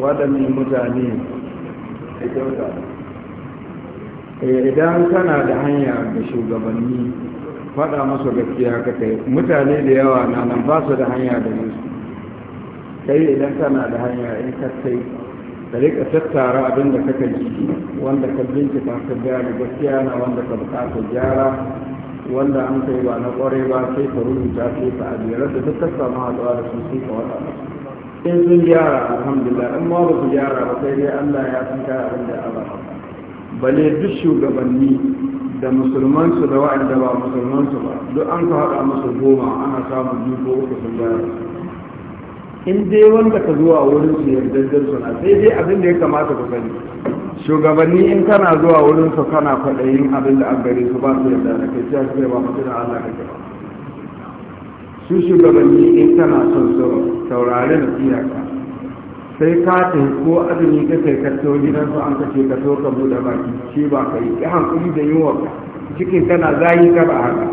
waɗannan mutane eh, idan kana da hanya da shugabanni faɗa masu gaskiya haka kai mutane da yawa na nan ba su da hanya da nisu kai idan kana da hanya in ka kai ka rika tattara abin da kaka ji wanda ka bincika ka gane gaskiya na wanda ka bukata gyara wanda an kai ba na kwarai ba sai ka rubuta sai ka ajiyar da duk ka samu haɗuwa da su sai ka wata in sun gyara alhamdulillah in ma ba su gyara ba sai dai allah ya san kai abin da ya ba bale duk shugabanni da musulmansu da wa'anda ba musulmansu ba duk an ka haɗa musu goma ana samun biyu uku sun bayar in dai wanda ka zuwa wurin su yardaddar suna sai dai abin da ya kamata ku sani shugabanni in kana zuwa wurin su kana kwaɗayin abin da an gare su ba su yarda da kai sai ba ba da Allah kake ba su shugabanni in kana son su taurarin na iyaka sai ka tai ko azumi ka kai ka to gidan su an kace ka to ka bude baki shi ba kai ki hankali da yunwa cikin tana zayi ka ba haka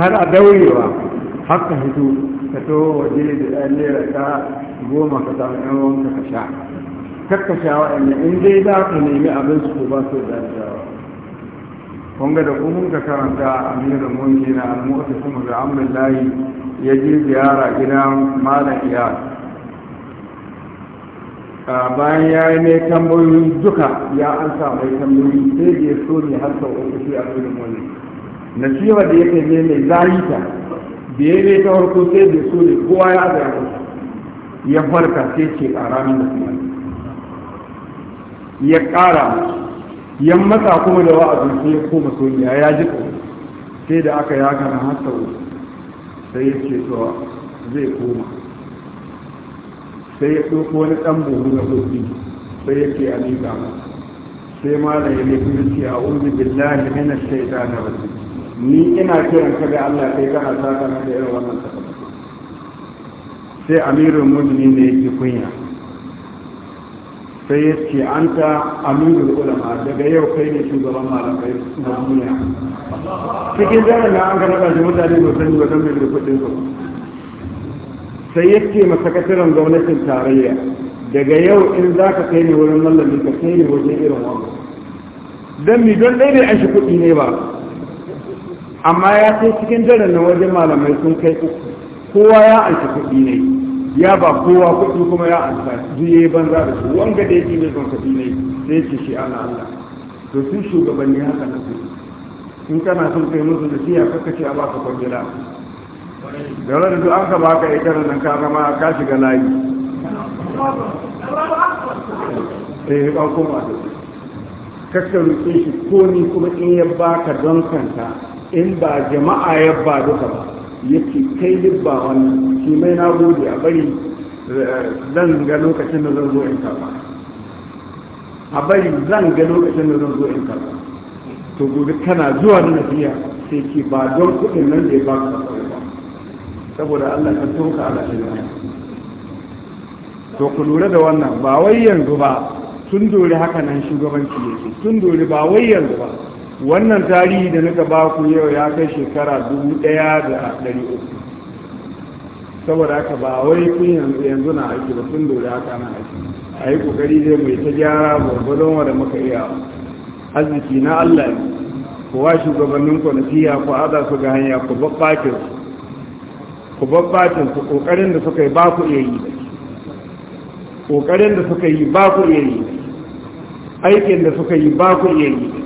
har a daurewa haka hito ka to waje da naira ka goma ka samu ɗan wanka ka sha kakkashawa in dai za ka nemi abin su ko ba su da kun ga da kun ka karanta almuwata kuma da mutasim layi ya je ziyara gidan malam A bayan ya yi mai tambayoyi duka ya ansa mai tambayoyi sai da ya so ne har sau uku shi amirul na cewa da ya kai mai zalita da ya mai ta farko sai da ya so ne kowa ya zai ya farka sai ce a ranar da ya ƙara yan matsa kuma da wa'azin sai ya koma soyayya ya ji sai da aka ya gana har sau sai ya ce to zai koma sai ya ɗauko wani ɗan buhu na sofi sai ya ce a nika sai malam ya ne kuma ce a uzu billahi mina na wasu ni ina kiran ka da Allah kai kana saka na da irin wannan sai amirul mu'minin ne yake kunya sai ya ce an ta aminul ulama daga yau kai ne shugaban malamai na duniya cikin zarar na an gana ɗashi mutane da sani wajen mai rikudin kuɗin su sai ya ce ma sakataren gwamnatin tarayya daga yau in za ka kai ne wurin mallami ka kai ne wajen irin wanda don mi don ɗaya ne an shi kuɗi ne ba amma ya ce cikin zarar na wajen malamai sun kai uku kowa ya an shi kuɗi ne ya ba kowa kuɗi kuma ya amsa duk yayi banza da su wanga da yake ne son kuɗi ne sai ce shi ana Allah to su shugabanni haka na su in kana son kai musu da siya kaka ce a ba ka kwangila da wani duk an ka ba ka ita nan ka zama ka shiga layi eh ba kuma da kakka roƙe shi ko ni kuma in ya ba ka don kanta in ba jama'a ya ba duka ba yake kai dubba wani wannan shi mai na gode a bari zan ga lokacin da zan zo in karba a bari zan ga lokacin da zan zo in karba to gobe kana zuwa na biya sai ki ba don kuɗin nan da ya ba ba saboda Allah ka toka ala shi to ku lura da wannan ba wai yanzu ba tun dori haka nan shugabanci yake tun dori ba wai yanzu ba wannan tarihi da nuka ba ku yau ya kai shekara dubu ɗaya da ɗari uku saboda haka ba wai kun yanzu yanzu na aiki ba sun dole haka na aiki a yi kokari zai mai ta gyara gwargwadon da muka iya arziki na allah ku wa shugabannin ku fiya ku haɗa su ga hanya ku babbatin ku babbatin su kokarin da suka yi ba ku iya yi kokarin da suka yi ba ku iya yi aikin da suka yi ba ku iya yi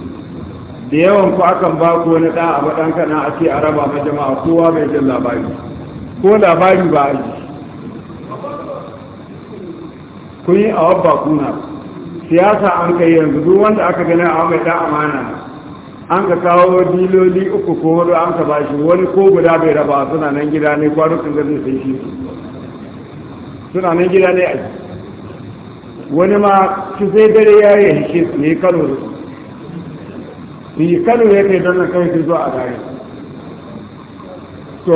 da yawan ku akan ba ku wani ɗan abu ɗan kana a ce a raba ma jama'a kowa bai jin labari ko labari ba a yi kun yi a wabba kuna siyasa an kai yanzu duk wanda aka gani a mai ɗan amana an ka kawo diloli uku ko wani an ka bashi wani ko guda bai raba suna nan gida ne kwanukan gani sai shi suna nan gida ne a wani ma shi sai dare ya yi shi ne kano da su yi kano ya kai don nan kawai zuwa a gari to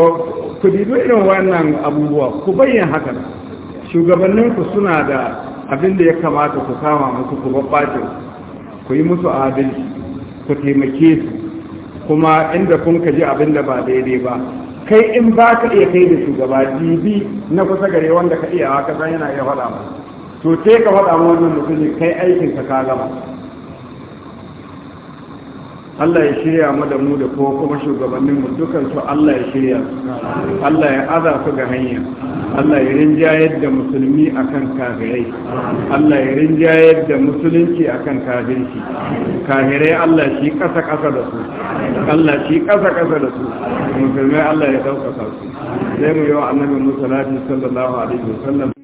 ku dido irin wannan abubuwa ku bayyana haka shugabanninku suna da abin da ya kamata ku kama musu ku babbace ku yi musu adalci ku taimake su kuma inda kun ka ji abin da ba daidai ba kai in ba ka iya kai da shugaba dibi na kusa gare wanda ka iya haka san yana iya faɗa ma to sai ka faɗa ma wannan mutum kai aikin ka ka gama Allah ya shirya mu da mu da ko kuma shugabannin mu dukan su Allah ya shirya Allah ya aza su ga hanya Allah ya rinjayar da musulmi akan kafirai Allah ya rinjayar da musulunci akan kafirci kafirai Allah shi kasa kasa da su Allah shi kasa kasa da su musulmai Allah ya dauka su sai mu yi wa annabi musallati sallallahu alaihi wasallam